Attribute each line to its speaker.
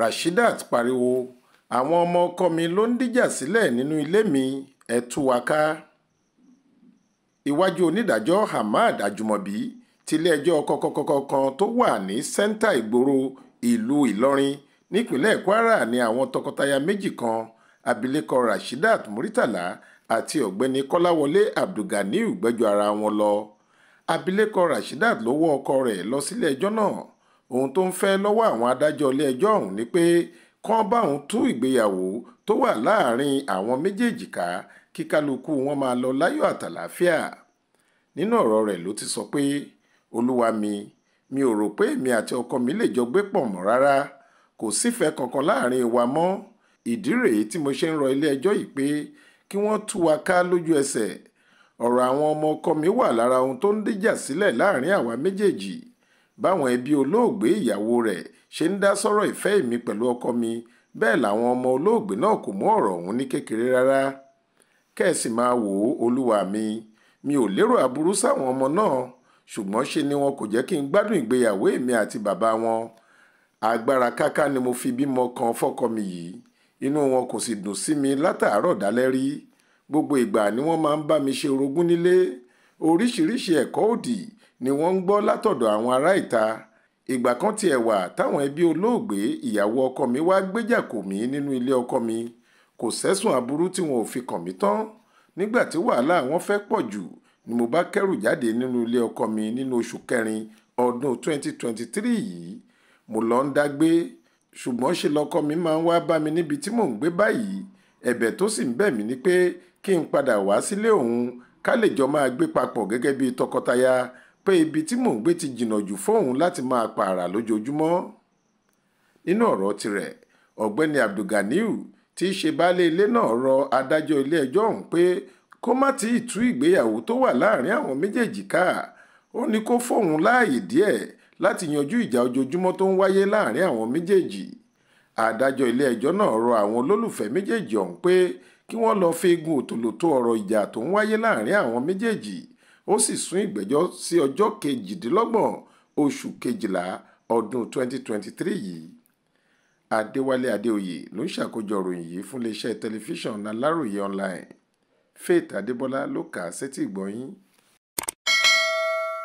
Speaker 1: rashdit pariwo àwọn ọmọ ọkọ mi ló ń dìjà sílẹ̀ nínú ilé mi ẹ̀ tú wa ká iwájú onídàájọ́ hamad ajumobi tilé-ẹjọ́ kọ̀kọ̀kọ̀kọ̀ kan tó wà ní sẹ́ńtà ìgboro ìlú ìlọrin nípínlẹ̀ kwara ni àwọn tọkọtaya méjì kan abilékọ rasheedat muritàlá àti ọ̀gbẹ́ni kọ́láwọlé abdulganiu gbẹ́jọ́ ara wọn lọ abilékọ rasheedat ló wọ́ ọkọ rẹ̀ lọ sílé-ẹjọ́ náà ohun tó ń fẹ́ lọ́wọ́ àwọn adájọ́ ilé-ẹjọ́ ọ̀hún ni pé kán báwọn tú ìgbéyàwó tó wà láàrin àwọn méjèèjì ká kí kálukú wọn máa lọ láyọ̀ àtàlàáfíà nínú ọ̀rọ̀ rẹ̀ ló ti sọ pé olúwa mi mi ò rò pé èmi àti ọkọ mi lè jọ gbé pọ̀ mọ́ rárá kò sífẹ̀ẹ́ kankan láàrin wa mọ́ ìdí rèé tí mo ṣe ń rọ ilé-ẹjọ́ yìí pé kí wọ́n tú wa ká lójú ẹsẹ̀ ọ̀rọ̀ àwọn ọmọ ọkọ mi wà lára ohun tó ń dìjà sílẹ̀ láàrin àwa méjèèjì báwọn ẹbí olóògbé ìyàwó rẹ̀ ṣe ń dá sọ́rọ̀ ìfẹ́ mi pẹ̀lú ọkọ mi bẹ́ẹ̀ làwọn ọmọ olóògbé náà kò mú ọ̀rọ̀ ọ̀hún ní kékeré rárá kẹ́ẹ̀sì máa wò ó olúwa mi mi ò lérò aburú sáwọn ọmọ náà ṣùgbọ́n ṣe ni wọn kò jẹ́ kí n gbádùn ìgbéyàwó èmi àti bàbá wọn agbára káká ni mo fi bímọ kan fọ́kọ mi yìí inú wọn kò sì dùn sí mi látàárọ̀ dálẹ́ rí gbogbo ìgbà ni wọ́n máa ń bá mi ṣe orogún nílé oríṣiríṣi ẹ̀kọ́ òdì ni wọ́n ń gbọ́ látọ̀dọ̀ àwọn ará ìta ìgbà kan tiẹ̀ wà táwọn ẹbí olóògbé ìyàwó ọkọ mi wá gbéjà kò mí nínú ilé ọkọ mi kò sẹ́sùn aburú tí wọn ò fi kàn mí tán nígbà tí wàhálà wọn fẹ́ pọ̀ jù ni mo bá kẹ́rù jáde nínú ilé ọkọ mi nínú oṣù kẹrin ọdún 2023 yìí mo lọ ń dágbé ṣùgbọ́n ṣe lọkọ mi máa ń wá bá mi níbi tí mò ń gbé báyìí ẹ̀bẹ̀ tó sì ń bẹ̀ mí ni pé kí n padà wá sílé òun ká lè jọ máa gbé papọ̀ gẹ́gẹ́ bíi tọkọtaya pé ibi tí mò ń gbé ti jìnnà jù fóun láti máa pààrà lójoojúmọ́ nínú ọ̀rọ̀ tirẹ̀ ọ̀gbẹ́ni abdulganiu tí í ṣe baálé ilé náà rọ adájọ́ ilé-ẹjọ́ ọ̀hún pé kó má ti tú ìgbéyàwó tó wà láàrin àwọn méjèèjì ká ó ní kó fóun láàyè díẹ̀ láti yanjú ìjà ojoojúmọ́ tó ń wáyé láàrin àwọn méjèèjì adájọ́ ilé-ẹjọ́ náà rọ àwọn olólùfẹ́ méjèèjì ọ̀hún pé kí wọ́n lọ́ọ́ fi eegun òtòlótó ọ̀rọ̀ ìjà tó ń wáyé láàrin àwọn méjèèjì ó sì sún ìgbẹ́jọ́ sí ọjọ́ kejìdínlọ́gbọ̀n oṣù kejìlá ọdún 2023 yìí adéwálé adéoyè ló ń ṣàkójọ ròyìn yìí fún iléeṣẹ́ tẹlifíṣàn aláròye online faith adébọlá ló kà á sétí ìgbọ́yín